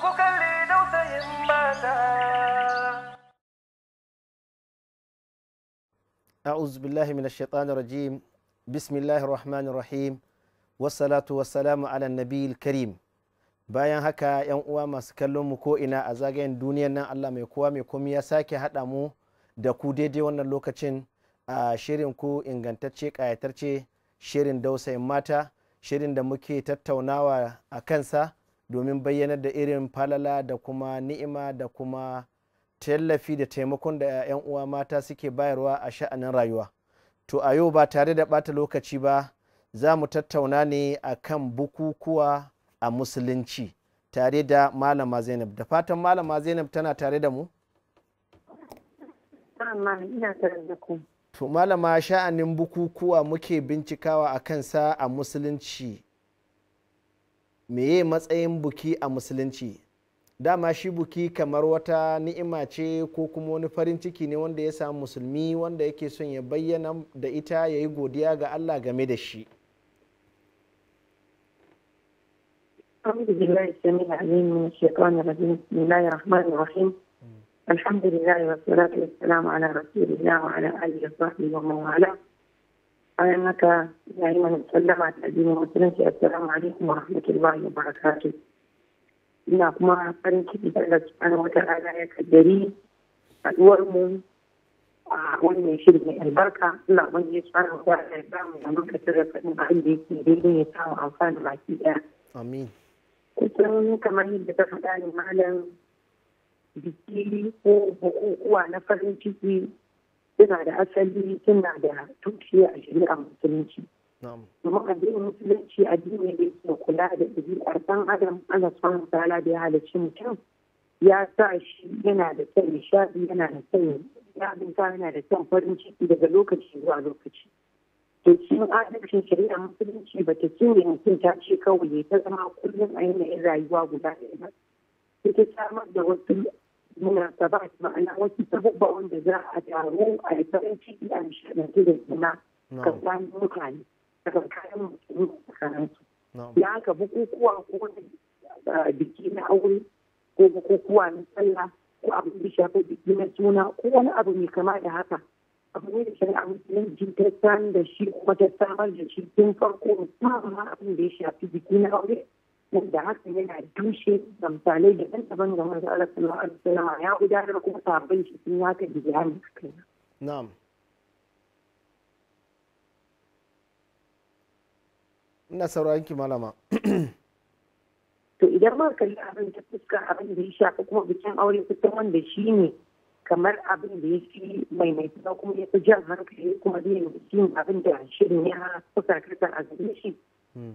Ku kalli dausayin mata. أعوذ بالله من الشيطان الرجيم بسم الله الرحمن الرحيم والصلاة والسلام على النبي الكريم bayan haka yan uwa masu kallon mu ko ina a zagayen duniyar nan Allah mai kowa mai komi ya sake haɗa mu da ku daidai wannan lokacin a shirin ku ingantacce ƙayatarce shirin dausayin mata shirin da muke tattaunawa a kansa domin bayyanar da irin falala da kuma ni'ima da kuma tallafi da taimakon da 'yan uwa mata suke bayarwa a sha'anin rayuwa to a yau ba tare da bata lokaci ba za mu tattauna ne a kan bukukuwa a musulunci tare da malama zainab da fatan malama zainab tana tare da mu to malama sha'anin bukukuwa muke bincikawa a kansa a musulunci meye matsayin buki a musulunci dama shi buki kamar wata ni'ima ce ko kuma wani farin ciki ne wanda ya samu musulmi wanda yake son ya bayyana da ita ya yi godiya ga allah game da shi أعوذ بالله السميع العليم من الشيطان الرجيم الحمد لله والصلاة والسلام على رسول الله وعلى آله وصحبه ومن والاه bayan haka ya yi mana sallama ta addinin musulunci assalamu alaikum wa rahmatullahi wa barakatuh ina kuma farin ciki da Allah subhanahu wa ta'ala ya kaddari haduwar mu a wannan shiri mai albarka Allah wani yi tsara wa ta'ala ya samu da muka tsira faɗin abin da yake daidai ya samu amfani baki ɗaya. Amin. Kusan kamar yadda ta faɗa ne malam biki ko bukukuwa na farin ciki suna da asali suna da tushe a shari'ar musulunci. a addinin musulunci addini ne ke kula da ɗabi'ar ɗan adam ana son ta'ala da ya halarci mutum ya sa shi yana da kyan nishaɗi yana da kyan binta yana da kyan farin ciki daga lokaci zuwa lokaci. To cikin adalcin shari'ar musulunci ba ta ne mutum ta ce kawai ta zama kullum a yanayin rayuwa guda ɗaya ba. Ita samar da wasu muna ta ba ma'ana wasu sabubba wanda za a taru a yi farin ciki a nishaɗantu da juna sami mutane tsakanin musulmi da su ya haka bukukuwa ko biki na aure ko bukukuwa na sallah ko abin da shafi biki na suna ko wani abu mai kama da haka abu ne da shari'a jin ta san da shi kuma ta samar da shi tun farko musamman abin da ya shafi biki na aure wanda haka yana dushe da misalai da ɗan taɓa ga manzo Allah sallallahu alaihi wasallam ya gudanar kuma sabon shi sun haka da jihani suka na'am ina sauraron ki malama to idan ma kalli abin ta fuska abin da ya shafi kuma bikin aure fita wanda shi ne kamar abin da ya fi maimaita kuma ya fi jan hankali kuma zai yi abin da shirin ya fusa kasa a gare shi hmm.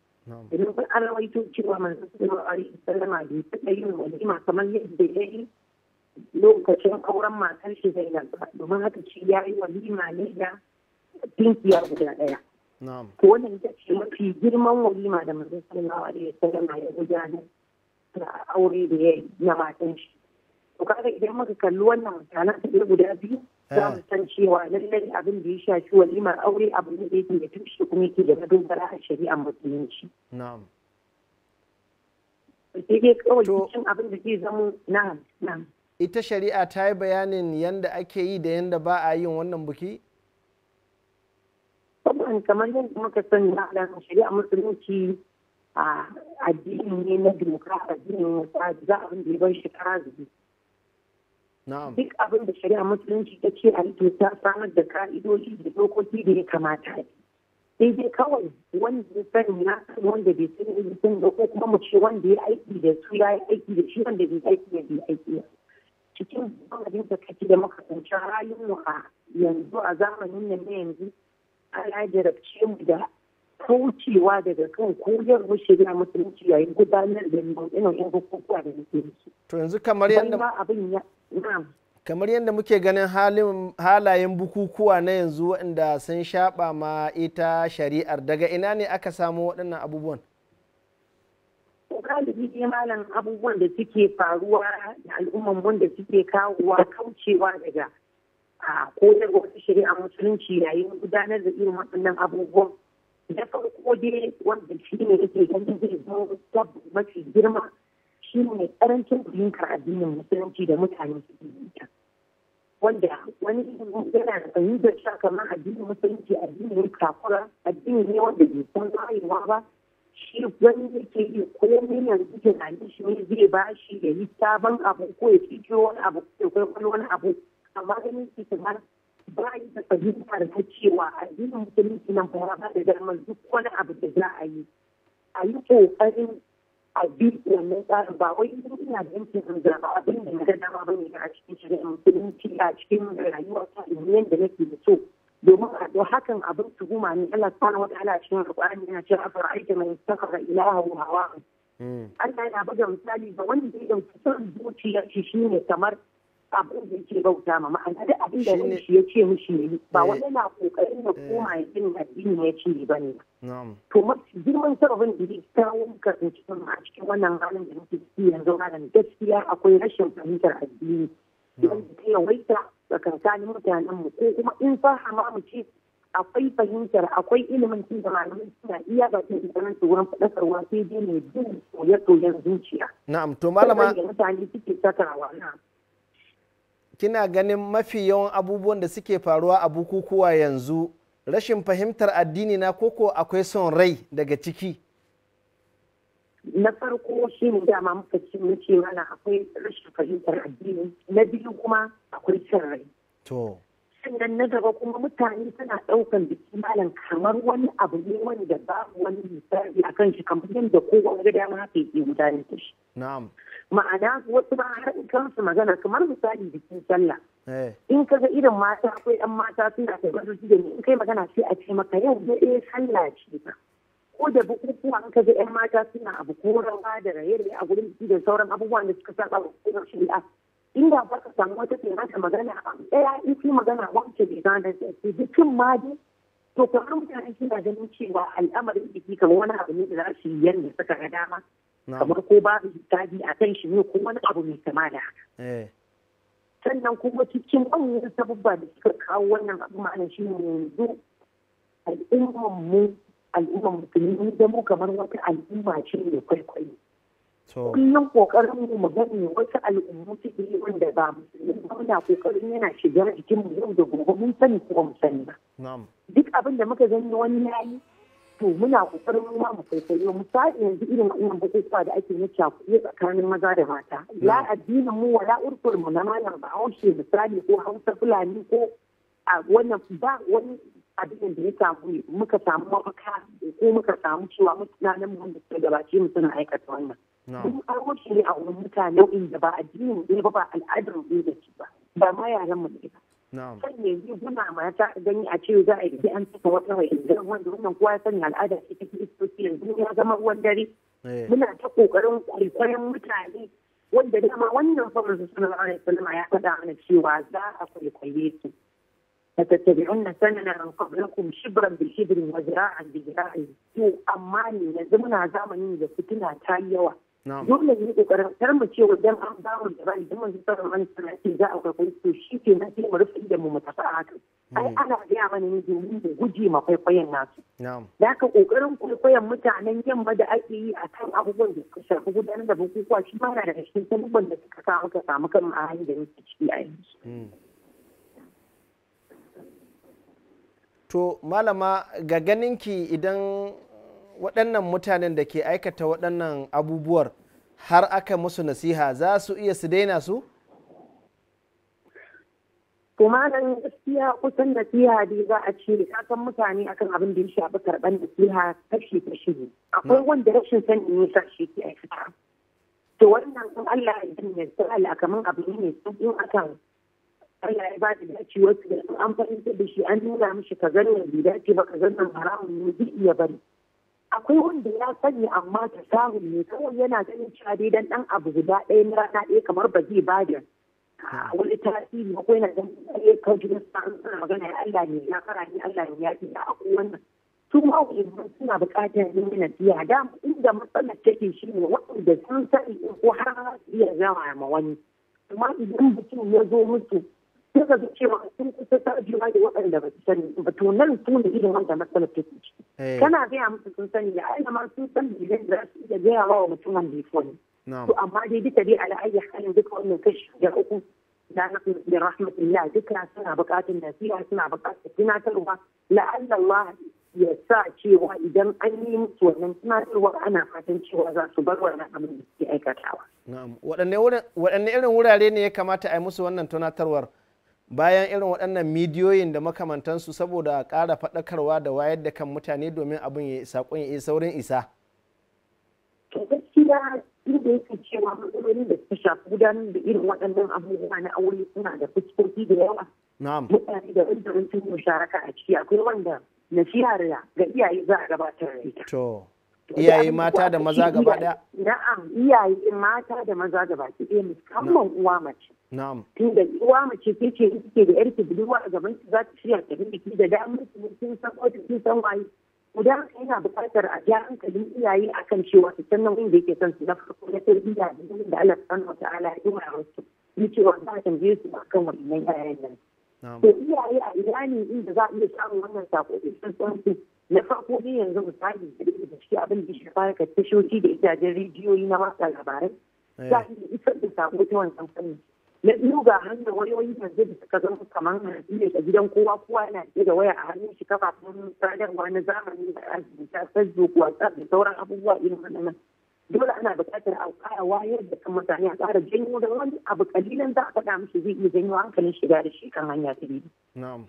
idan kun an rawaito cewa manzo sallallahu alaihi wasallama bai taɓa yin walima kamar yadda ya yi lokacin auren matar shi Zainab domin haka shi ya yi walima ne da tinkiya guda ɗaya. To wannan ita ce mafi girman walima da manzo sallallahu alaihi wasallama ya gudanar a aure da ya yi na matan shi. to kaga idan muka kalli wannan misalan su guda biyu eh. za mu san cewa lallai abin da ya shafi walimar aure abu ne da yake da tushe kuma yake da madogara a shari'a musulunci. Na'am. Sai dai kawai cikin abin da zai zama na'am na'am. Ita shari'a ta yi bayanin yadda ake yi da yadda ba a yin wannan buki? Saboda kamar yadda muka sani na shari'a musulunci a addini ne na a addinin wasa za a da ya bar shekara zubi. duk abin da shari'a musulunci ta ce a ita ta samar da ka'idoji da dokoki da ya kamata sai dai kawai wanda ya sani na san wanda bai sani ya san da ko kuma mu ce wanda ya aiki da su ya yi aiki da shi wanda bai aiki da bai aiki da cikin abin da kake da makasance halin mu a yanzu a zamanin nan na yanzu an jarabce mu da kaucewa daga kan koyar mu shari'a musulunci yayin gudanar da nau'in bukukuwa da muke da To yanzu kamar yadda abin ya kamar yadda muke ganin halayen bukukuwa na yanzu waɗanda sun shaɓa ma ita shari'ar daga ina ne aka samu waɗannan abubuwan galibi ne malam abubuwan da suke faruwa da al'umman mun da suke kawowa kaucewa daga ko daga wata shari'a musulunci yayin gudanar da irin waɗannan abubuwan da farko dai wanda shi ne yake ganin zai zama mafi girma shi ne karancin fahimtar addinin musulunci da mutane su ita wanda wani yana da fahimtar sha kamar addinin musulunci addini ne kakura addini ne wanda bai san rayuwa ba shi wani yake yi komai yanzu tunanin shi ne zai ba shi ya yi sabon abu ko ya cikiyo wani abu ko ya kwaikwayo wani abu amma ganin shi kamar ba yi da fahimtar ta cewa addinin musulunci nan ba da damar duk wani abu da za a yi a yi ƙoƙarin a bi wannan tsarin ba wai idan ina da yankin zanzara ba abin da na ga dama ba ne a cikin shirin musulunci a cikin rayuwa ta ilimin da nake da so domin a don hakan abin tuhuma ne Allah subhanahu wataala cikin alqur'ani yana cewa afar aita man istakhara ilahahu hawa hmm. Allah yana buga misali ga wanda ya kusan son zuciya shi shine kamar abin da yake bauta ma ma'ana duk abin da shi ya ce mishi ne ba eh. wani na kokarin da eh. koma ya bin addini ya ce ba ne to mafi girman sababin da zai kawo ka tsinci a cikin wannan halin da muke ciki yanzu malam gaskiya akwai rashin fahimtar addini wanda ta yawaita tsakankanin mutanen mu ko kuma in fahama mu ce akwai fahimtar akwai ilimin tun da malamai suna iya bakin ilimin su wurin faɗakarwa sai dai ne bin soye zuciya. Na'am to malama. Mutane suke sakawa na'am. kina ganin mafi yawan abubuwan da suke faruwa a bukukuwa yanzu rashin fahimtar addini na koko akwai son rai daga ciki na farko shi ne dama muka ci mun mana akwai rashin fahimtar addini na biyu kuma akwai son rai to sannan na gaba kuma mutane suna ɗaukan biki malam kamar wani abu ne wanda babu wani misali a kan shi kamar yadda kowa ga ma haka yake gudanar da shi. Ma'ana wasu ma har in kansu magana kamar misali bikin sallah. Eh. In ka ga irin mata akwai ɗan mata suna karɓar su da in kai magana sai a ce maka yau da eh sallah ce ba. Ko da bukukuwa in ka ga 'yan mata suna abu ko rawa da raye-raye a gurin biki da sauran abubuwan da suka saba wa kowace shari'a. inda ba ka samu wata ke ta magana a ɗaya in fi magana wance bai gane da ke jikin ma dai to kamar mutane suna ganin cewa al'amarin jiki kama wani abu ne da za su yi yadda suka ga dama kamar ko ba hisabi a kan shi ne ko wani abu mai kama da haka. Eh. sannan kuma cikin manyan sababba da suka kawo wannan abu ma'ana shi ne yanzu al'ummar mu al'ummar musulmi da mu kamar wata al'umma ce mai kwaikwayo kullum kokarin mu mu gani wasu al'ummu suke yi wanda ba musulmi ba muna kokarin yana shigar jikin mu yau da gobe mun sani ko mu sani ba duk abin da muka gani wani yayi to muna kokarin mu ma mu kwaikwayo misali yanzu irin wannan bukukuwa da ake na cakuɗe tsakanin maza da mata la addinin mu wala urfur mu na malam bahaushe misali ko hausa fulani ko a wannan ba wani abin da ya samu muka samu mafaka ko muka samu cewa mutanen mu wanda suka gabace mu suna aikata wannan. mu aro shi ne a wurin mutane inda ba addinin ne ba ba al'adar mu da shi ba ba ma yaran mu ne ba. Kan zai muna mata gani a ce za a yi an saka wata mai inda wanda wannan kowa ya sani al'ada ce ta kiristoci yanzu ya zama ruwan dare. Eh. Muna ta kokarin kwaikwayon mutane wanda dama wannan fa manzo sallallahu alaihi salama ya faɗa mana cewa za a kwaikwaye su. لتتبعن سننا من قبلكم شبرا بالشبر وذراعا بذراع to amma ne yanzu muna zamani da fitina ta yi yawa dole ne kokarin kar mu ce wajen an bamu da bai da mun tsara man ce za a kwakwai to shi ke na sai mu rufe da mu mu tafi a haka hmm. ai ana gaya mana ne domin mu guje ma kwaikwayon nasu da haka kokarin kwaikwayon mutanen yamma da ake yi a kan abubuwan da suka shafi gudanar da bukukuwa shi ma na daga cikin sabubban da suka kawo ka samu kan a hanyar da muke ciki a to malama ga ganin ki idan waɗannan mutanen da ke aikata waɗannan abubuwar har aka musu nasiha za su iya su daina su? kuma gaskiya kusan nasiha dai za a ce kasan mutane akan abin da ya shafi karɓar nasiha kashi kashi ne akwai hmm. wanda rashin sani ne sa shi ke aikata to wannan in Allah ya yi ne sai Allah kamar abu ne sun in akan Allah ya ba da wasu su an fahimtar da shi an nuna mishi ka zannan bai dace ba ka zannan haramun ne zai iya bari akwai wanda ya sani amma ta sahun ne kawai yana ganin cewa dai dan dan abu guda ɗaya na rana ɗaya kamar ba zai ba da wani tasiri akwai na dan ɗaya kawai na an suna magana ya Allah ne ya fara ni Allah ne ya ce da akwai wannan su ma suna buƙatar yin siya da inda matsalar take shi ne waɗanda sun sani ko har iya zama ma wani amma idan mutum ya zo musu sai ka cewa sun kusa ta juna da waɗanda ba su sani ba to nan su ne irin wanda matsalar take ciki eh. kana gaya musu sun sani da ai ma sun san bilin za su iya gaya wa mutum wanda ya sani to amma dai duka dai ala'ayya halin duka wannan kashi da uku da da rahmatullah duka suna buƙatar nasiha suna buƙatar tunatarwa la'alla Allah ya sa cewa idan an yi musu wannan tunatarwa ana fatan cewa za su bar wannan abin da suke aikatawa. Na'am, waɗanne irin wurare ne ya kamata a yi musu wannan tunatarwar? bayan irin waɗannan midiyoyin da makamantansu saboda ƙara faɗakarwa da wayar da kan mutane domin abin ya saƙon ya saurin isa. To gaskiya duk da yake cewa matsalolin da suka shafi gudanar da irin waɗannan abubuwa na aure suna da fuskoki da yawa. Na'am. Mutane da wanda mun musharaka a ciki akwai wanda nasihar ga iyaye za a gabatar da ita. To. iyaye mata da maza gaba daya na'am iyaye mata da maza gaba ɗaya musamman uwa mace na'am da uwa mace ke ce ke da yarki budurwa a gaban shi za ta shirya ta ki da damar ki kin san ko kin san waye guda yana buƙatar a ja hankalin iyaye akan cewa su san nauyin da yake son su na farko na tarbiyya da nauyin da Allah subhanahu wataala ya wa wasu. ni cewa za a tambaye su akan wannan yayan nan to iyaye a iyali inda za a iya samun wannan sako da sun san su na farko ne yanzu misali da shi abin da shi fara ka tashoshi da da rijiyoyi na wasa labarai eh. za a yi isar da sako ta wancan fanni na biyu ga hanyar wayoyin yanzu da suka zama kamar ne da gidan kowa kowa yana da da waya a hannun shi kafafen sadarwa na zamani da ajiyar facebook whatsapp da sauran abubuwa irin wannan dole ana buƙatar a ƙara wayar da kan mutane a ƙara janyo da wani abu kalilan za a faɗa mishi zai iya janyo hankalin shiga da shi kan hanya ta biyu.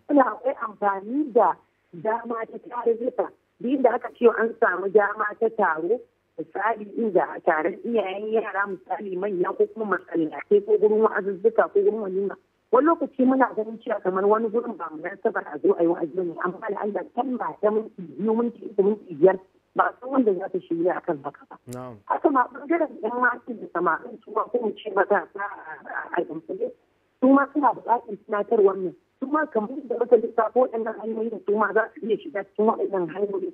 Ana akwai amfani da dama ta tarurruka biyun da aka ce an samu dama ta taro misali inda taron iyayen yara misali manya ko kuma masallatai ko gurin wa'azuzzuka ko gurin walima wani lokaci muna ganin cewa kamar wani gurin ba mu sabar a zo a yi wa'azi ne amma da Allah kan ba ta minti biyu minti uku minti biyar ba san wanda za ta shirya a kan haka ba. Haka ma ɓangaren yan mata da samarin su ma ko mu ce maza a ɗan su ma suna buƙatar tunatar wannan. kuma kamar da muka lissafo waɗannan hanyoyin su ma za su iya shiga cikin waɗannan hanyoyi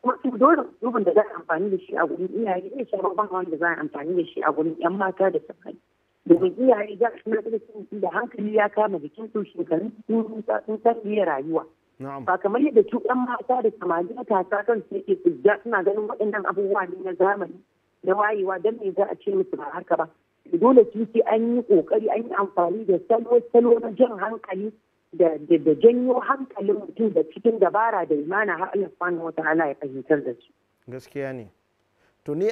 kuma su dole rubin da za a amfani da shi a gurin iyaye zai sha babban wanda za a amfani da shi a gurin yan mata da samari domin iyaye za su cikin da da hankali ya kama jikin su shekarun sun iya rayuwa ba kamar yadda su yan mata da samari tasa kan su yake tsijja suna ganin waɗannan abubuwa ne na zamani da wayewa don me za a ce musu ba haka ba dole su ce an yi ƙoƙari an yi amfani da salo salo na jan hankali da janyo hankalin mutum da cikin dabara da imana har Allah subhanahu wa ta'ala ya fahimtar da su gaskiya ne to ni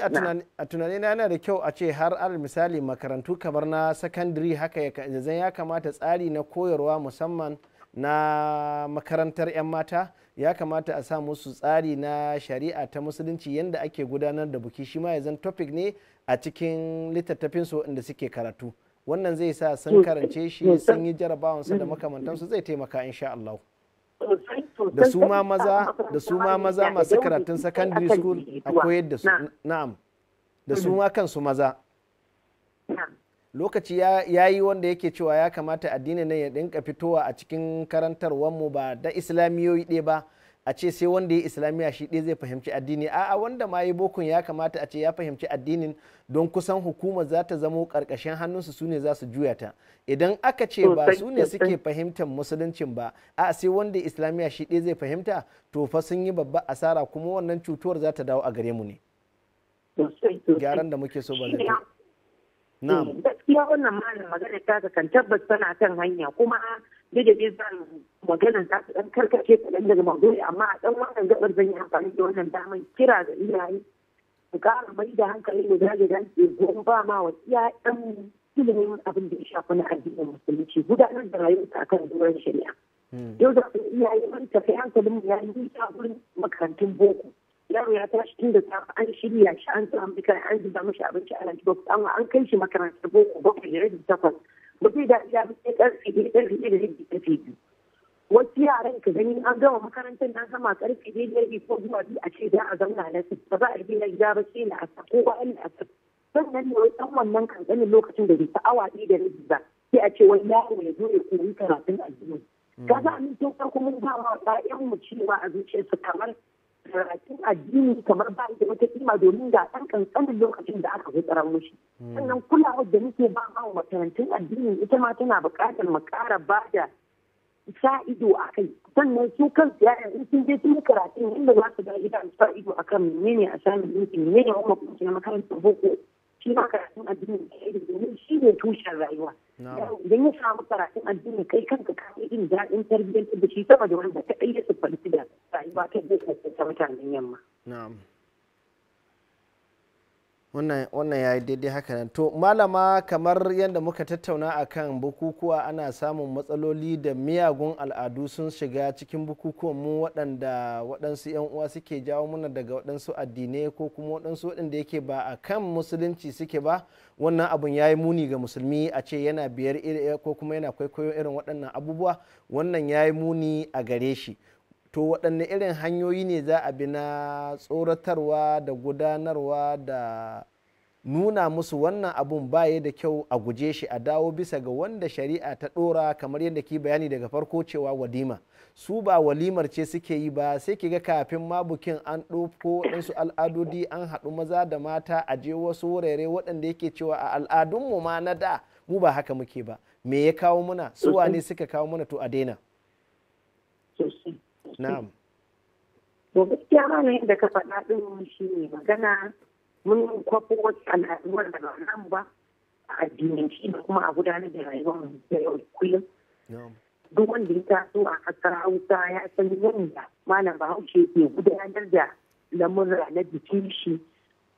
a tunani na yana da kyau a ce har al misali makarantu kamar na sakandare haka ya zan ya kamata tsari na koyarwa musamman na makarantar 'yan mata ya kamata a sa musu tsari na shari'a ta musulunci yadda ake gudanar da buki shi ma ya zan topic ne a cikin littattafinsu inda suke karatu wannan zai sa sun karance shi sun yi jarabawansu da makamantansu zai taimaka insha Allah da su ma maza da su ma maza masu karatun secondary school a koyar da su na'am da su mm-hmm. ma kansu maza lokaci ya yi wanda yake cewa ya kamata addinin ne ya dinka fitowa a cikin karantarwar mu ba da islamiyoyi ɗaya ba a ce sai wanda ya islamiyya shi ɗaya zai fahimci addini a wanda ma ya bokun ya kamata a ce ya fahimci addinin don kusan hukumar za ta zamo ƙarƙashin hannunsu su ne za su juya ta idan aka ce ba su ne suke fahimtar musuluncin ba a sai wanda islamiyya shi ɗaya zai fahimta to fa sun yi babba asara kuma wannan cutuwar za ta dawo a gare mu ne gyaran da muke so ba zai na'am eh, gaskiya wannan malam magana ta kan tabbas tana kan hanya kuma duk da zan magana za su ɗan karkace dan daga maguri amma a ɗan wannan gaɓar zan yi amfani da wannan damar kira ga iyaye su ƙara mai da hankali mu zage da ke gobe ba ma wa iyayen ilimin abin da ya shafi na addinin musulunci gudanar da rayuwa kan doron shari'a. Hmm. Yau da iyaye mun tafi hankalin mu ya yi ta wurin makarantun boko. yaro ya tashi tun da safe an shirya shi an samu duka an zuba mashi abinci a lantarki an kai shi makarantar boko bakwai da takwas mutum da ya fi karfe biyu biyu da rabi karfe biyu wasu yaran ka gani an gama makarantar na sama karfe biyu da ko zuwa biyu a ce za a zauna na su ba za a gina gida ba sai na asa ko ba ni asa sannan ne wai dan wannan kankanin lokacin da bai ta awa ɗaya da rabi ba sai a ce wani yaro ya zo ya koyi karatun addini. Mm. Ka za a mintin farko mun ba wa ɗayan mu cewa a zuciyarsa kamar karatun addini kamar ba da wata kima domin ga ɗan ƙanƙanin lokacin da aka fitsarar mushi hmm. sannan kulawar da muke ba ma makarantun addini. ita ma tana buƙatar mu ƙara ba da sa ido a kai sannan su kan yaran in sun je sun yi karatun inda za su ga idan sa ido a kan menene a samun ɗinkin menene wani kuma na makarantar boko shi ma karatun addini da domin shi ne tushen rayuwa idan ya samu karatun addini kai kanka ka yi daɗin tarbiyyar da shi sama da wanda ta ɗaya su da ta gefe wannan ya yi daidai haka nan to malama kamar yadda muka tattauna a kan bukukuwa ana samun matsaloli da miyagun al'adu sun shiga cikin bukukuwan mu waɗanda waɗansu 'yan uwa suke jawo muna daga waɗansu addinai ko kuma waɗansu waɗanda yake ba a kan musulunci suke ba wannan abun ya yi muni ga musulmi a ce yana biyar eh, ko kuma yana kwaikwayo irin waɗannan abubuwa wannan ya yi muni a gare shi to waɗanne irin hanyoyi ne za a bi na tsoratarwa da gudanarwa da nuna musu wannan abun baya da kyau a guje shi a dawo bisa ga wanda shari'a ta ɗora kamar yadda ki bayani daga farko cewa walima su ba walimar ce suke yi ba sai ki ga kafin mabukin bukin an ɗauko waɗansu al'adodi an haɗu maza da mata a je wasu wurare waɗanda yake cewa a al'adunmu ma na da mu ba haka muke ba me ya kawo muna suwa ne suka kawo muna to a daina na'am to gaskiya ma ne da ka faɗa ɗin shi ne magana mun kwafo wasu al'aduwar da ba nan ba a addinin shi da kuma a gudanar da rayuwar da yau kullum duk wanda ya taso a ƙasar hausa ya san yadda malam bahaushe ke gudanar da lamurra na bikin shi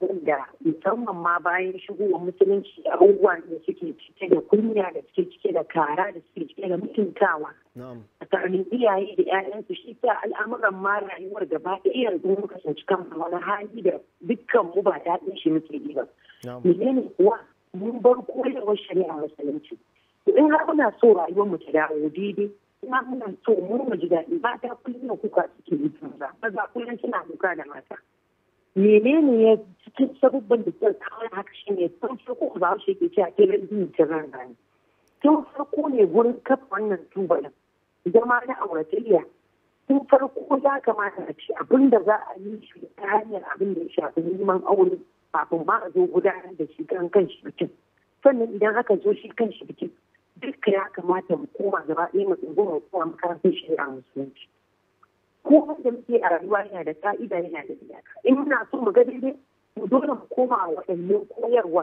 wanda musamman ma bayan shigowa musulunci abubuwa da suke cike da kunya da suke cike da kara da suke cike da mutuntawa tsakanin iyaye da 'ya'yansu shi ta al'amuran ma rayuwar gaba iya yanzu muka sanci kan wani hali da dukkan mu ba daɗin shi muke yi ba. Menene kuwa mun bar koyarwar shari'a musulunci. In har muna so rayuwar mu ta dawo daidai kuma muna so mu mu ji daɗi ba ta kullum kuka suke yi ba za kullum suna kuka da mata. Menene ya duk sabubban da zan kawo haka shine ne tun farko ba shi ke cewa ke lalbin ta rani tun farko ne wurin kafa wannan tubalin zama na auratayya tun farko ya kamata a ce abin da za a yi shi ta hanyar abin da ya shafi neman aure kafin ma a zo gudanar da shi kan kan shi bikin sannan idan aka zo shi kan shi bikin duk ya kamata mu koma gaba ɗaya mu tsunguma mu koma makarantar a musulunci ko da muke a rayuwa yana da ka'ida yana da iyaka in muna so mu ga daidai mu dole mu koma waɗannan koyarwa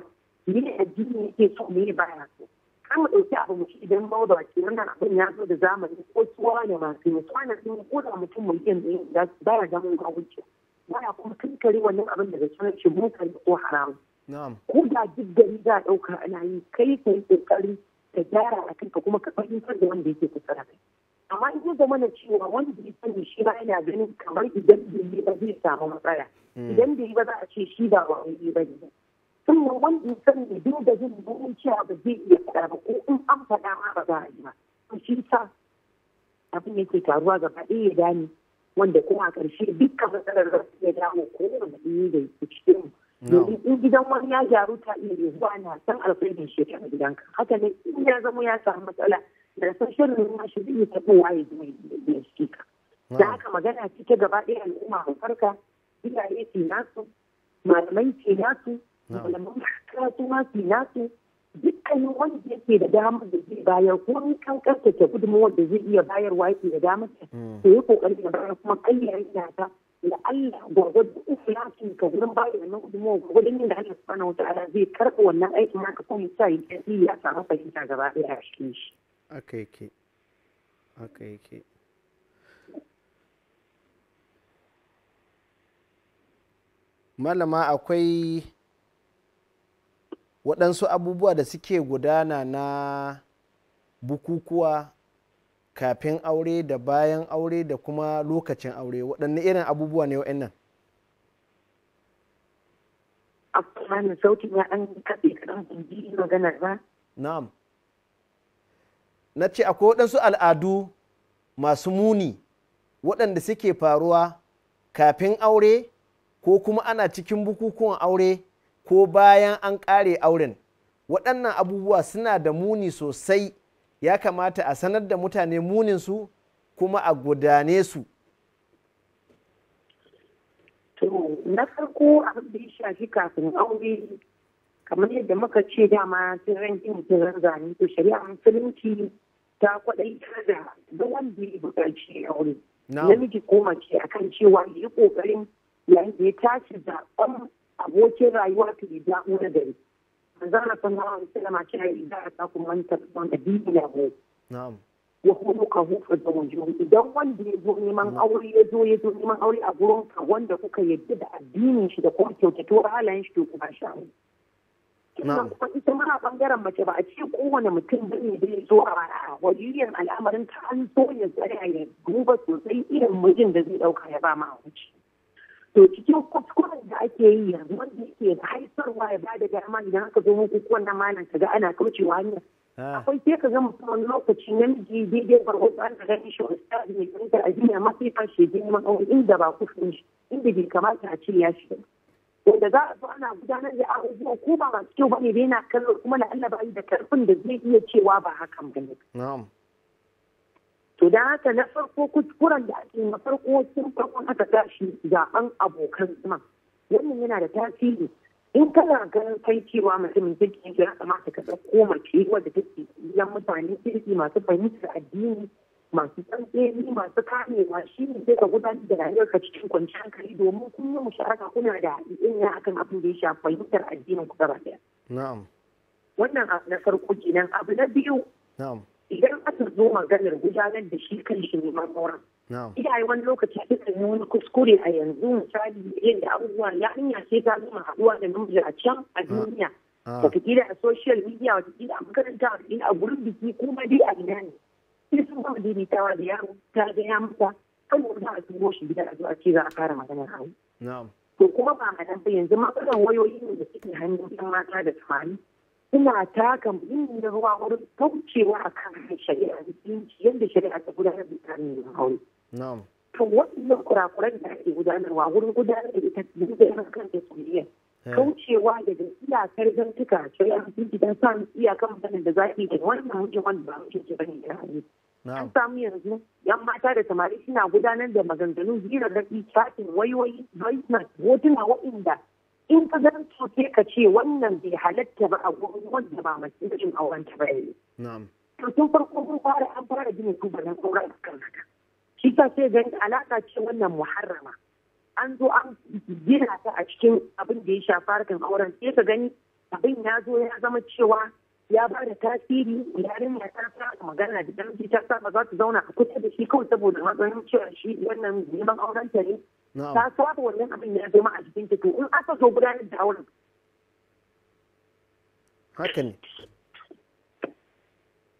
ni ne addini yake so ne baya so kan mu ɗauki abu mu ci idan ba da ce wannan abin ya zo da zamani ko tsuwa ne masu yi tsuwa ne sun ko da mutum mai yin da yin ba baya zama ga wuce baya kuma tunkari wannan abin daga sunan shi munkari ko haramu ko da duk gari za a ɗauka ana yi kai ka yi ƙoƙari ka gyara a ka kuma ka fahimtar da wanda yake kusa da kai amma in zama na cewa wanda bai sani shi ba yana ganin kamar idan bai yi ba zai samu matsala hmm. idan bai yi ba za a ce shi ba wani ba ne sannan wanda ya sani duk da jin burin cewa ba zai iya faɗa ba ko in an faɗa ma ba za a yi ba to shi sa abin yake taruwa gaba ɗaya ya dani wanda kuma a ƙarshe duka matsalar da ya damu ko wanda ɗaya da ya cikin domin in gidan wani ya gyaru ta iya yiwuwa na san alfairin shekarar gidanka haka ne in ya zama ya samu matsala rasashen social shi zai ta fi waye zo ya shi ka da haka magana cike gaba ɗaya al'umma mai farka iyaye ce nasu malamai ce nasu malaman karatu ma su nasu dukkanin wanda yake da damar da zai bayar ko ni kan karkace gudunmawar da zai iya bayarwa su da damar ko mm. ya kokari da bayar kuma kayyar yana ta da Allah da uku ya ce ka gurin bayar wannan gudunmawar yin da Allah bana wata ala zai karɓa wannan aikin haka kuma sa yi ya samu fahimta gaba ɗaya a cikin shi. Haka yake, haka yake. Malama akwai waɗansu abubuwa da suke gudana na bukukuwa kafin aure da bayan aure da kuma lokacin aure waɗanne irin abubuwa ne akwai wani sautin ya ɗan kaɗe kaɗan ban maganar ba. Na'am. na ce akwai waɗansu al'adu masu muni waɗanda suke faruwa kafin aure ko kuma ana cikin bukukuwan aure ko bayan an ƙare auren waɗannan abubuwa suna da muni sosai ya kamata a sanar da mutane muninsu kuma a gudane su na farko abin da ya shafi kafin aure kamar yadda muka ce dama sun rankin sun ranzani to shari'a musulunci ta kwaɗaitar da duk wanda ya buƙaci ya aure namiji ko a kan cewa ya yi ƙoƙarin yayin da ya tashi zaɓen abokin rayuwa ta yi da'u na gari a sallallahu alaihi wasallam kira idan ta kuma manta wanda bibi na ho Ya wa ka hufa da wajen idan wanda ya zo neman aure ya zo ya zo neman aure a gurin ka wanda kuka yadda da addinin shi da kuma kyautatuwar halayen shi to ku ba shi kuma ita mara bangaren mace ba a ce kowane mutum da ne zai zo a wajiyan al'amarin ta an so ya tsaya ya duba sosai irin mijin da zai dauka ya ba ma wuce to cikin kuskuren da ake yi yanzu wanda yake haifarwa ya ba da dama idan aka zo muku kowanne malam ka ga ana kaucewa hanyar ah. akwai sai ka ga musamman lokaci namiji daidai barhoto an ga shi ustaz ne kan ta ajiya mafi fashe jini ma'auri inda ba kufin shi inda bai kamata a ce ya shiga wanda za a zo ana gudanar da abubuwan ko ba masu kyau ba ne da yana kallo kuma na Allah bayi da karfin da zai iya cewa ba hakan ne. To da haka na farko kuskuren da ake na farko sun farkon aka tashi zaben abokan zama wannan yana da tasiri in kana ganin kai cewa mutumin kirki ya kamata ka ɗauko mace wadda take gidan mutane kirki masu fahimtar addini masu tsantseni masu kamewa shi ne sai ka gudanar da rayuwar ka cikin kwanciyar hankali domin kun yi musharaka kuna da In ya akan abin da ya shafi fahimtar addinin ku gaba ɗaya. Wannan abu na farko kenan abu na biyu. Na'am. Idan aka zo maganar gudanar da shi kan shi mamora. auren. Iyaye wani lokaci suka yi wani kuskure a yanzu misali yadda abubuwa yarinya sai ta zama haɗuwa da namiji a can a ah. duniya. Ah. Wataƙila a social media wataƙila a makaranta wataƙila a gurin biki kuma dai a gina ne. sai sun gama daidaitawa da yaro ta ga ya mata kan mu a gida a zuwa za a fara maganar aure. To kuma ba a nan yanzu matsalar wayoyi ne da suke hannun mata da samari. Suna taka muhimmin ruwa wurin kaucewa a kan shari'a da yadda shari'a ta gudanar da tsarin aure. To waɗannan kurakuran da ake gudanarwa wurin gudanar da ita da ya kanta soyayya. Eh. Kaucewa daga iyakar zantuka shari'a da don sa iyakan maganar da za a yi da wannan mutum wanda ba mutum ke bane da hannu. an samu yanzu yan mata da samari suna gudanar da maganganu ɗi shafin waiwai voice hotuna waɗanda in ka zan sai ka ce wannan bai halatta ba a gurin wanda ba mai irin auren ta bane to tun farko mun fara an fara gina tubalin auren kan haka shi ta sai ga alaka ce wannan muharrama an zo an gina ta a cikin abin da ya shafa harkan auren sai ka gani abin ya zo ya zama cewa ya ba da tasiri yarinya ta sa magana da namiji ta sa ba za ta zauna a kusa da shi kawai saboda matsayin cewa shi wannan neman auren ta ne ta saba wannan abin ya zama a cikin to in aka zo gudanar da auren haka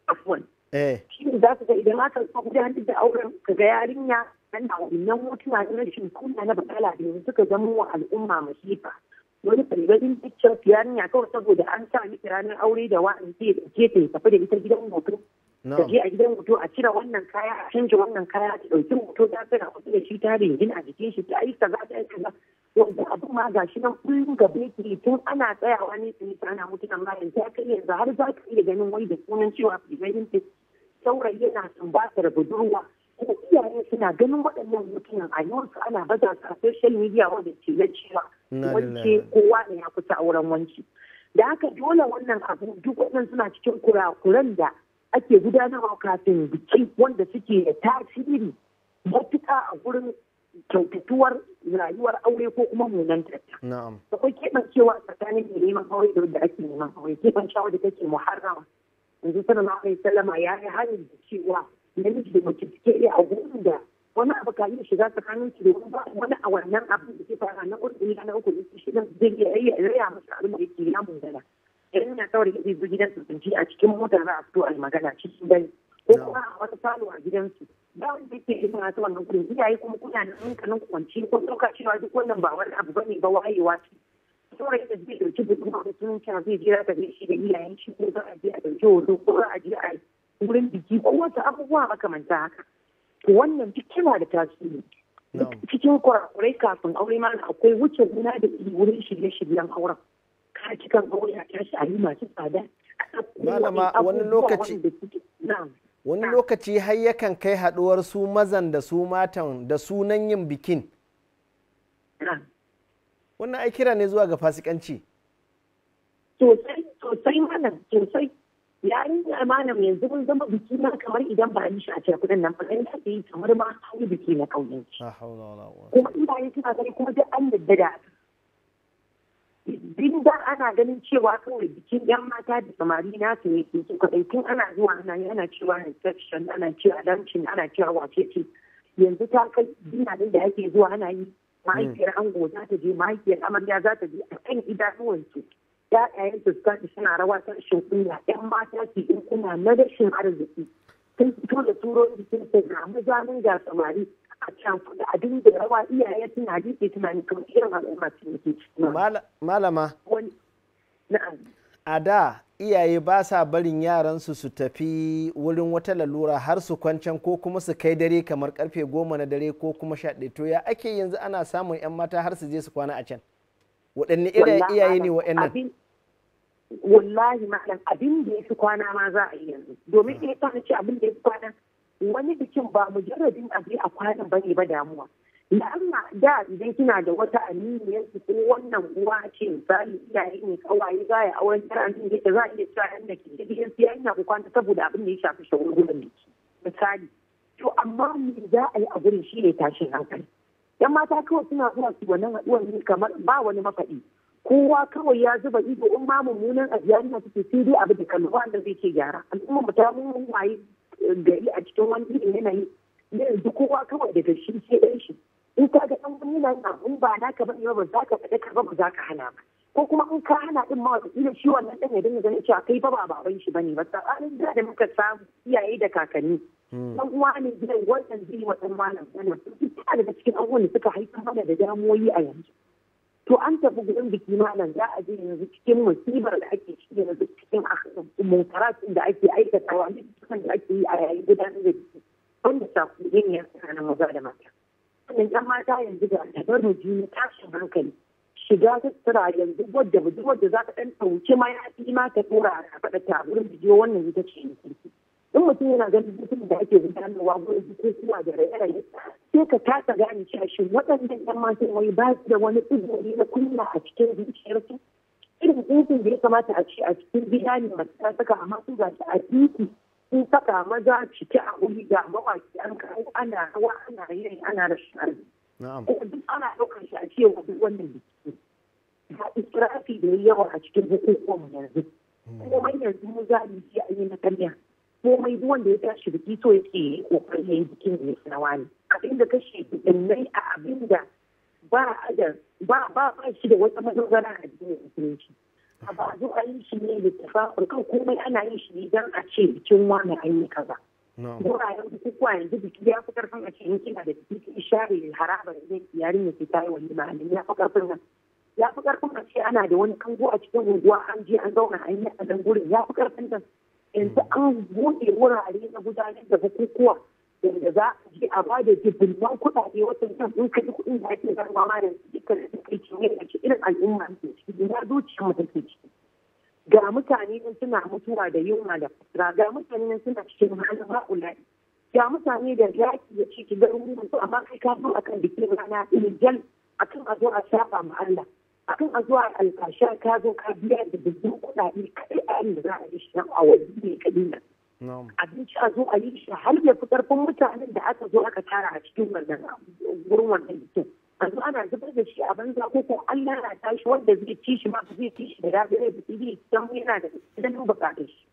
afwan eh shi za ka ga idan aka zo gudanar da auren ka ga yarinya nan da wannan mutuna na shi na bakala da yanzu suka zama wa al'umma masifa wani prewedding picture yarinya kawai saboda an sa miki ranar aure da wa'an zai ke ta yi tafi da ita gidan hoto ta je a gidan hoto a cire wannan kaya a canje wannan kaya ta ɗauki hoto ta tsira kusa da shi ta ringin a jikin shi ta aika za ta yi kaza wanda abin ma ga shi nan kullum ga yake tun ana tsayawa ne ta ana mutunan kan yanzu kai yanzu har za ka iya ganin wani da sunan cewa prewedding picture saurayi yana sumbatar budurwa kuma iyaye suna ganin waɗannan mutunan a yawansu ana baza su a social media wanda ke na cewa wanke kowa ne ya kusa a wurin wanci da haka dole wannan abu duk wannan suna cikin kurakuran da ake gudanarwa kafin biki wanda suke da tasiri matuka a gurin kyautatuwar rayuwar aure ko kuma munanta. Akwai keɓancewa tsakanin mai neman aure da wanda ake neman aure keɓancewa da take muharrama. Yanzu sallallahu alaihi sallama ya yi hanyar da cewa namiji da mace suke iya a gurin da wani abu ka iya shiga tsakanin su domin ba wani a wannan abin da ke fara na uku ne na uku ne shi nan zai iya yi raya masa abin da yake ya mundana idan ya kawai zai zo gidan su tsinci a cikin mota za a fito a magana cikin dare ko kuma a wata falo a gidansu ba wanda yake yi ma su wannan kudin iyaye kuma kuna nan hankalin kwanci ko ɗauka cewa duk wannan ba wani abu ba ne ba wayewa ce saurayi da zai ɗauki buɗin a sun can zai jira ka shi da iyayen shi ko za a je a ɗauki hoto ko za a je a wurin biki ko wasu abubuwa makamanta haka wannan duk yana da tasiri cikin kurakurai kafin aure ma akwai wuce guna da wurin shirye-shiryen auren ka kan aure a tashi a yi masu tsada malama wani lokaci wani lokaci har yakan kai haduwar su mazan da su matan da sunan yin bikin wannan ai kira ne zuwa ga fasikanci sosai sosai malam sosai yarinya malam yanzu mun zama biki na kamar idan ba ni shi a cikin nan ba dan take yi kamar ma sai biki na kauyen shi kuma in ba ni kina gani kuma duk an yadda da din da ana ganin cewa kawai bikin yan mata da samari na su ne su kadai tun ana zuwa ana yi ana cewa reception ana cewa dancing ana cewa wace ce yanzu ta kai dinanin da ake zuwa ana yi mahaifiyar ango za ta je mahaifiyar amarya za ta je a kan idanuwansu ƴaƴayen su suka suna rawa ta shin kunya ƴan mata ce in kuna na rashin arziki sun fito da turo jikin su ga mazamin ga samari a can a da rawa iyaye suna jike tunani to irin al'umma su yake malama a da iyaye ba sa barin yaransu su tafi wurin wata lalura har su kwancan ko kuma su kai dare kamar karfe goma na dare ko kuma sha to ya ake yanzu ana samun 'yan mata har su je su kwana a can. waɗanne irin iyaye ne waɗannan wallahi malam abin da ya fi kwana ma za a yi yanzu domin in ta ce abin da ya fi kwana wani bikin ba mujarradin abu a kwana bane ba damuwa la'amma da idan kina da wata aminiyar ki ko wannan uwa ce misali iyaye ne kawaye za ya auren an amin ta za a iya cewa yan da ke da yan siya ina ku kwanta saboda abin da ya shafi shagulgulan biki misali to amma me za a yi a gurin shi ne tashin hankali yan mata kawai suna zuwa su wannan haɗuwar ne kamar ba wani mafaɗi kowa kawai ya zuba ido in ma mummunan a na suke sai dai abu da kallo wanda zai ke gyara al'umma mu ta mun waye eh, gari a cikin wani irin yanayi yanzu kowa kawai daga shi sai ɗan shi in ka ga ɗan wani yana abun ba naka ba ba za ka faɗa ka ba ba za ka hana ba ko kuma in ka hana ɗin ma wataƙila shi wannan ɗan ya dinga ganin cewa kai ba ba baban shi ba ne ba tsakanin da muka samu iyaye da kakanni dan uwa ne zai wannan zai wa dan malam wannan suna daga cikin abubuwan da suka haifar mana da damuwoyi a yanzu to an tafi gurin biki malam za a je yanzu cikin musibar da ake ciki yanzu cikin munkaratun da ake aikatawa ne da ake yi a yayin gudanar da biki wanda sakuri ne ya tsakanin maza da mata sannan yan mata yanzu da tabarro juna tashin hankali shiga tattara yanzu wadda budurwar da za ka ɗan ɗauki ma ya fi ma ta tura a faɗa ta gurin bidiyo wannan ita ce yanzu in mutum yana ganin mutum da ake gudanarwa gurin ko suna da raye-raye sai ka kasa gane cewa shi waɗannan yan matan wai ba su da wani tsibiri na kunna a cikin zuciyarsu irin tsinkin da ya kamata a ce a cikin gida ne masu ta saka amma su ga a tsinki sun saka maza ciki a wuri ga mawaki an kawo ana rawa ana yin ana rashin arziki. Ko duk ana ɗaukar shi a cewa duk wannan biki. Ba israfi da yawa a cikin hukukuwan yanzu. Kuma yanzu mu za mu yi a yi na karya. komai duk wanda ya tashi biki so yake kokarin yi bikin da na wani abin da kashe nai a abin da ba ba ba shi da wata madogara a addinin musulunci a ba zo a yi shi ne da tafafin kan komai ana yin shi idan a ce bikin wani an yi kaza wuraren bukukuwa yanzu biki ya fi karfin a cikin kina da biki ki share harabar zai yarin da ta tayi wani malami ya fi karfin nan ya fi karfin a ce ana da wani kango a cikin unguwa an je an zauna an yi a gurin ya fi karfin nan yanzu an buɗe wurare na gudanar da bukukuwa yanda za a je a bada jibinan kuɗaɗe watan can in ka ji kuɗin da ake zama ma yanzu dukkan da kai cinye a ci irin al'umma ke ciki ina zuciya mu take ciki ga mutane nan suna mutuwa da yunwa da fasira ga mutane nan suna cikin halin ha'ulai ga mutane da yaki ya ci garuruwan su amma kai ka zo akan bikin rana irin akan a zo a shafa ma Allah akan a zuwa alfasha ka zo ka biya da dubban kuɗaɗe kai a za a yi shi a waje ne abinci a zo a yi shi har ya fi ƙarfin mutanen da aka zo aka tara a cikin wannan gurin wannan bikin a zo ana zubar da shi a banza ko ko Allah na shi wanda zai ci shi ma zai ci shi da rabi zai fi zai mu yana da tsananin bukatun shi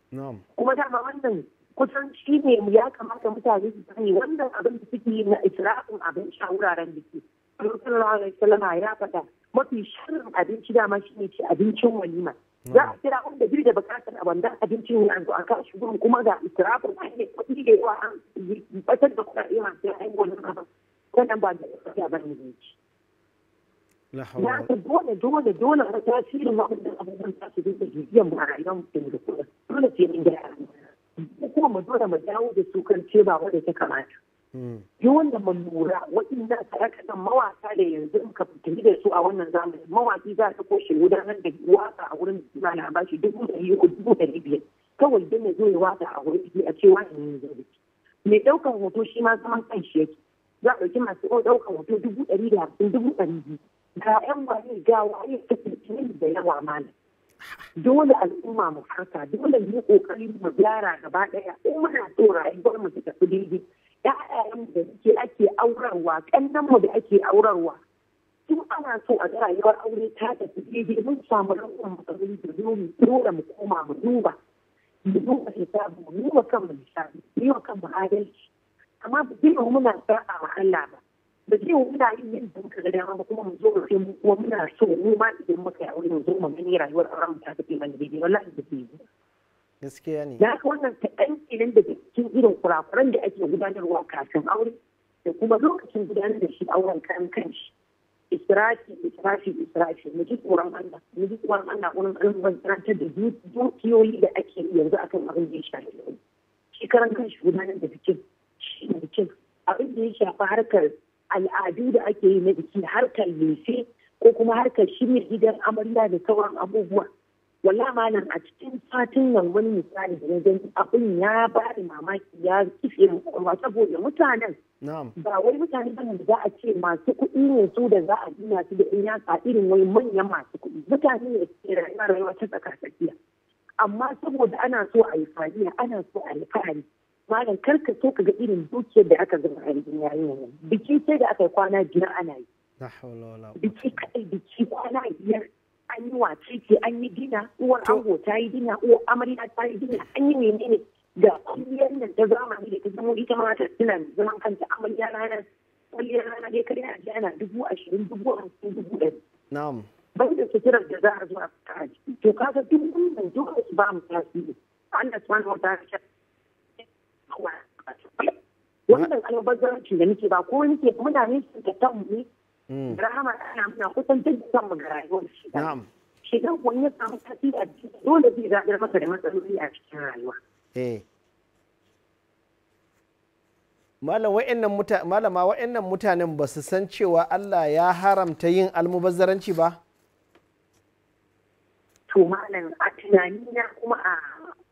kuma dama wannan kusan shi ne ya kamata mutane su sani wannan abin da suke yi na isra'in abinci a wuraren biki. Allah ya faɗa mafi shirin abinci dama shi ne abincin walima hmm. za a kira wanda da da bukatar abandan abincin ya an zo a kawo shi gurin kuma ga israfin an yi kuɗi da yawa an batar da kuɗaɗe masu yawa an yi walima wannan ba da ya ba ne Ya ta dole dole dole a tasirin waɗannan abubuwan za su dinga jijiyan mu a rayuwar mutum da kuɗi dole sai mun gyara mu kuma mu dole mu dawo da su kan ce ba wanda ta kamata. yawan wanda mun lura waɗannan karakaɗan mawaka da yanzu in ka fitar da su a wannan zamani mawaki za ta koshe gudanar da waka a wurin da na bashi dubu da uku dubu da biyar kawai dan zo waka a wurin biki a cewa ne ya zo mai ɗaukan hoto shi ma zaman kan shi yake za a ɗauki masu ɗaukan hoto dubu ɗari da hamsin dubu ɗari biyu ga 'yan waye ga wani ta da yawa malam dole al'umma mu farka dole mu yi ƙoƙari mu gyara gaba ɗaya in muna so rayuwar mu ta tafi daidai ƴaƴayen da suke ake aurarwa ƙannan mu da ake aurarwa tun ana so a ga rayuwar aure ta da daidai mun samu rakon matsaloli da zomi dole mu koma mu duba mu duba hisabu mu yi kan mu yi wa kanmu adalci amma ba zai mu muna sa'a a Allah ba ba zai yiwu muna yin yadda muka ga dama ba kuma mu zo mu sai mu kuma muna so mu ma idan muka yi aure mu zo mu gani rayuwar auren mu ta tafi mana daidai wallahi ba zai gaskiya ne ya wannan kaɗan da daga cikin irin kurakuran da ake gudanarwa kafin aure da kuma lokacin gudanar da shi auren kan shi israfi israfi israfi mu ji tsoron Allah mu ji tsoron Allah wurin da dukiyoyi da ake yanzu akan abin da ya shafi shi karan kanshi gudanar da bikin shi bikin abin da ya shafi harkar al'adu da ake yi na biki harkar lefe ko kuma harkar shirya gidan amarya da sauran abubuwa wala malam a cikin fatin nan wani misali da gani abin ya ba da mamaki ya kife kwakwalwa saboda mutanen ba wai mutane ba da za a ce masu kuɗi ne su da za a gina su da in ya irin wai manyan masu kuɗi mutane ne suke rayuwa rayuwa ta tsaka amma saboda ana so a yi fariya ana so a yi fari malam kar ka so ka ga irin dukiyar da aka zama a yanzu yayin biki sai da aka yi kwana biyar ana yi biki kaɗai biki kwana biyar an yi ce an yi dina uwar ango ta yi dina uwar amarya ta yi dina an yi menene da kuliyar nan ta zamani da ta zama ita ma ta tana zaman kanta amarya ranar kwalliyar rana dai kare a ana dubu ashirin dubu hamsin dubu ɗari. Na'am. Ban da suturar da za a zo a fita a ciki. To kaga duk wannan duk su ba mu tasiri. Allah subhanahu wa ta'ala ya wannan albazaranci da nake ba ko nake muna nisan da kanmu ne Mm. rahama tana mana kusantar da kanmu ga rayuwar shi shi Shigan kuwa ya samu tasiri a cikin dole zai zagar maka da matsaloli a cikin rayuwa eh. malama wa'annan mutanen ba su san cewa Allah ya haramta yin almubazzaranci ba? To malam a tunani na kuma a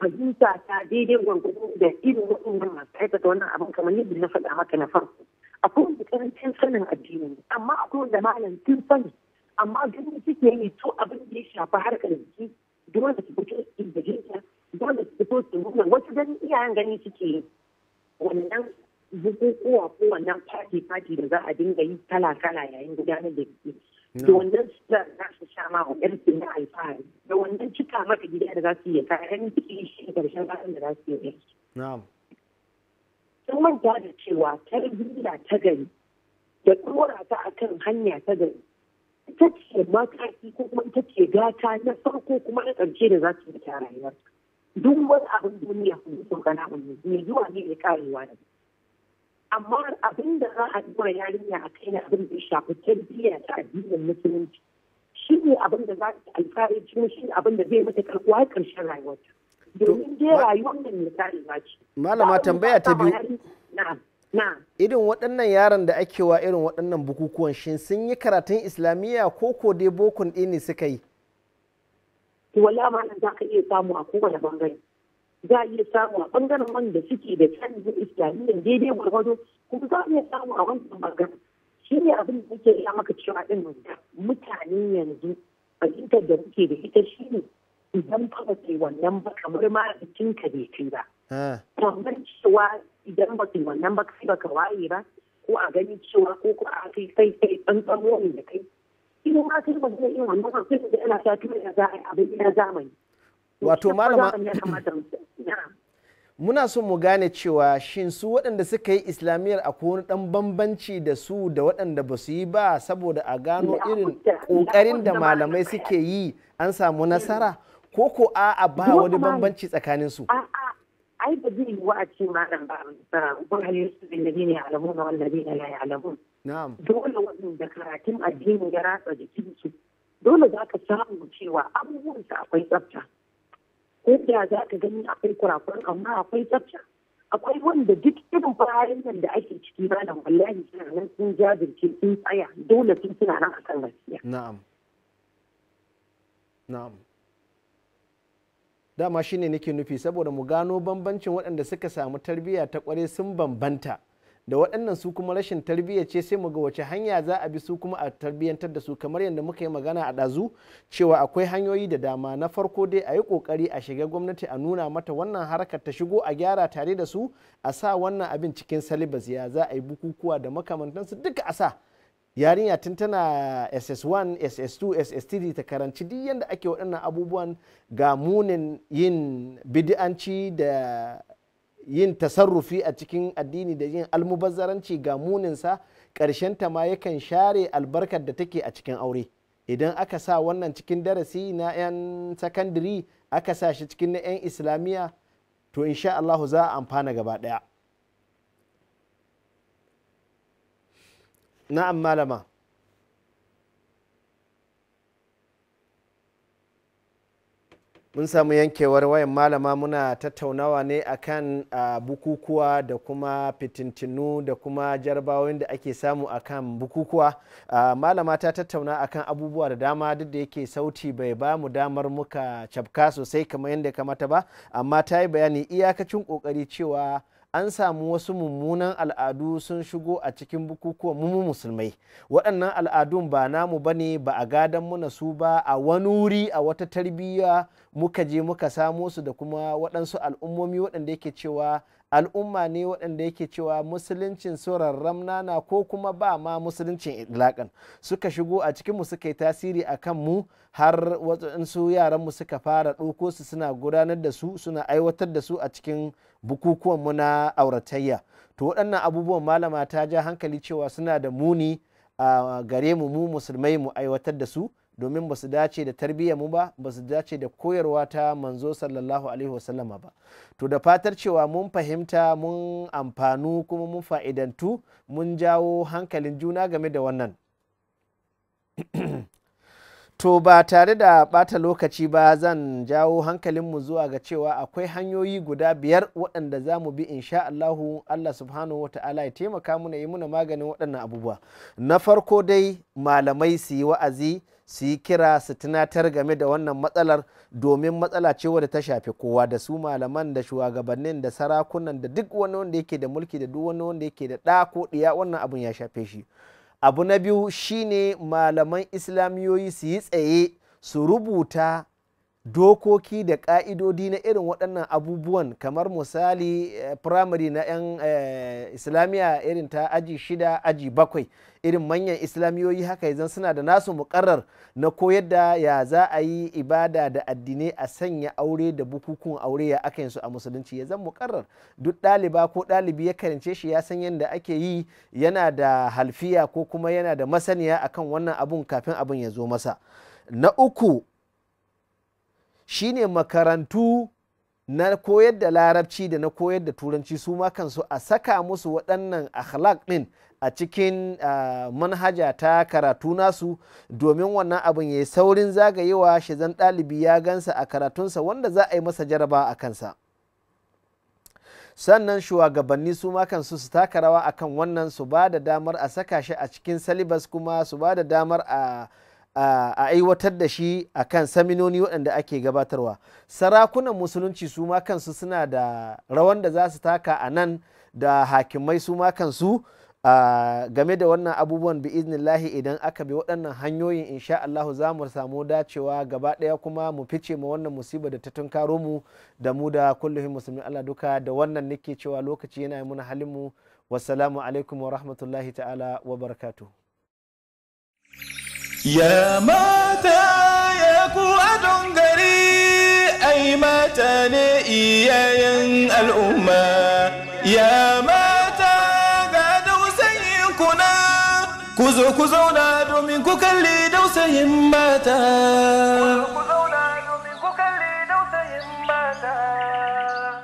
fahimta ta daidai gwargwado da irin waɗannan masu aikata wannan abin kamar yadda na faɗa maka na farko. akwai wanda karancin sanin addini amma akwai wanda malam sun sani amma ganin suke yi to abin da ya shafi harkar jiki dole su fito su da jinta dole su fito su wasu ganin iyayen gani suke yi wannan bukukuwa ko wannan fadi-fadi da za a dinga yi kala kala yayin gudanar da biki da wannan sutura za su sha ma wa yarki na alfahari da wannan cika maka gida da za su yi kayan ciki shi karshen ranar da za su yi sun manta da cewa tarbiyya ta gari da tsora ta akan hanya ta gari ita ce mataki ko kuma ita ce gata na farko kuma na ƙarshe da za su yi ta rayuwar duk wani abin duniya sun yi wani mai zuwa ne ya karewa da amma abin da za a ɗora yarinya a kai na abin da ya shafi tarbiyya ta addinin musulunci shi ne abin da za yi alfahari shi ne abin da zai mata karkuwa ƙarshen rayuwarta domin dai rayuwar da ce malama tambaya ta biyu irin waɗannan yaran da ake wa irin waɗannan bukukuwan shin sun yi karatun islamiyya ko ko dai bokun ɗini ne suka yi wala nan za ka iya samu a kowane bangare za a iya samu a bangaren wanda suke da canjin islamiyya daidai gwargwado kuma za a iya samu a wannan bangaren shi ne abin da suke iya maka cewa ɗin mutane yanzu fahimtar da muke da ita shi ne idan fa ba ke wannan ba kamar ma jikin ka bai kai ba kamar cewa idan ba ke wannan ba kai ba ka waye ba ko a gani cewa ko ko a kai kai kai tsantsan wani da kai ina ma kai ba zai iya wannan ba sai da ana sa ta tura za a abin ina zamani wato malama muna son mu gane cewa shin su waɗanda suka yi islamiyyar akwai wani ɗan bambanci da su da waɗanda ba su yi ba saboda a gano irin ƙoƙarin da malamai suke yi an samu nasara ko ko a'a ba wani bambanci tsakanin su ai ba zai yi a ce malam ba ba halin su bin nabi a alamu na wanda bi na alamu dole da karatun addini ya ratsa jikin su dole za ka samu cewa abubuwan su akwai tsafta ko da za ka gani akwai kurakuran amma akwai tsafta akwai wanda duk irin bayan nan da ake ciki malam wallahi suna nan sun jajirce sun tsaya dole sun suna nan akan gaskiya na'am na'am dama shine nake nufi saboda mu gano bambancin waɗanda suka samu tarbiyya ta kware sun bambanta da waɗannan su kuma rashin tarbiyya ce sai mu ga wace hanya za a bi su kuma a tarbiyyantar da su kamar yadda muka yi magana a ɗazu cewa akwai hanyoyi da dama na farko dai a yi ƙoƙari a shiga gwamnati a nuna mata wannan harkar ta shigo a gyara tare da su a sa wannan abin cikin salibas ya za a yi bukukuwa da makamantansu duka a sa yarinya tun tana ss1 ss2 ss3 ta karanci duk yadda ake waɗannan abubuwan ga munin yin bidi'anci da yin tasarrufi a cikin addini da yin almubazzaranci ga muninsa ta ma yakan share albarkar da take a cikin aure idan aka sa wannan cikin darasi na 'yan sakandiri aka sa shi cikin na 'yan islamiyya to insha Allahu za a amfana gaba ɗaya. na'am malama mun samu yankewar wayan malama muna tattaunawa ne akan bukukuwa da kuma fitintinu da kuma jarabawoyin da ake samu akan bukukuwa malama ta tattauna akan abubuwa da dama duk da yake sauti bai ba mu damar muka cafka sosai kamar yadda kamata ba amma ta yi bayani iyakacin kokari cewa an samu wasu mummunan al'adu sun shigo a cikin bukukuwan mu musulmai waɗannan al'adun ba namu ba ne ba a gadon na su ba a wani wuri a wata tarbiyya muka je muka samo su da kuma waɗansu al'ummomi waɗanda yake cewa al'umma ne waɗanda yake cewa musuluncin surar ramna na ko kuma ba ma musuluncin idlaƙan suka shigo a cikinmu suka yi tasiri a kan mu har waɗansu yaranmu suka fara ɗauko su suna gudanar da su suna aiwatar da su a cikin bukukuwanmu na auratayya to waɗannan abubuwan malama ta ja hankali cewa suna da muni a ah, gare mu mu musulmai mu aiwatar da su domin ba su dace da tarbiyyar mu ba ba su dace da koyarwa ta manzo sallallahu alaihi wasallama ba to da fatar cewa mun fahimta mun amfanu kuma mun fa'idantu mun jawo hankalin juna game da wannan to ba tare da bata lokaci ba zan jawo hankalinmu zuwa ga cewa akwai hanyoyi guda biyar waɗanda za mu bi insha Allahu Allah subhanahu wa ta'ala ya taimaka muna yi muna maganin waɗannan abubuwa na farko dai malamai su yi wa'azi su yi kira su tunatar game da wannan matsalar domin matsala ce wadda ta shafi kowa da su malaman da shugabannin da sarakunan da duk wani wanda yake da mulki da duk wani wanda yake da ɗa ko ɗiya wannan abun ya shafe shi abu na biyu shine malaman islamiyoyi su yi tsaye su rubuta dokoki da ƙa'idodi na irin waɗannan abubuwan kamar misali eh, firamare na 'yan eh, islamiyya irin ta aji shida aji bakwai irin manyan islamiyoyi haka yanzu suna da nasu muƙarrar na koyar da ya za a yi ibada da addinai a sanya aure da bukukuwan aure ya aka su a musulunci ya zan muƙarrar duk ɗaliba ko ɗalibi ya karance shi ya san yadda ake yi yana da halfiya ko kuma yana da masaniya akan wannan abun kafin abun ya zo masa na uku shine makarantu na koyar da larabci da na koyar da turanci su ma kansu a saka musu waɗannan akhlaq ɗin a cikin manhaja ta karatu nasu domin wannan abin ya yi saurin zagayewa shi zan ɗalibi ya gansa a karatunsa wanda za a yi masa jaraba a kansa sannan shugabanni su ma kansu su taka rawa akan wannan su ba da damar a saka shi a cikin salibas kuma su ba da damar a a aiwatar da shi a kan saminoni waɗanda ake gabatarwa sarakunan musulunci su ma kansu suna da rawan da za su taka a nan da hakimai su ma kansu game da wannan abubuwan bi iznillahi idan aka bi waɗannan hanyoyin insha Allah za mu samu dacewa gaba ɗaya kuma mu fice ma wannan musiba da ta tunkaro mu da mu da kullum musulmi Allah duka da wannan nake cewa lokaci yana muna halin mu wassalamu alaikum wa rahmatullahi ta'ala wa barakatuh ya mata ya ku adon gari ai mata ne iyayen al'umma ya mata ga dausayin kuna ku zo ku zauna domin ku kalli dausayin mata ku zauna domin ku kalli dausayin mata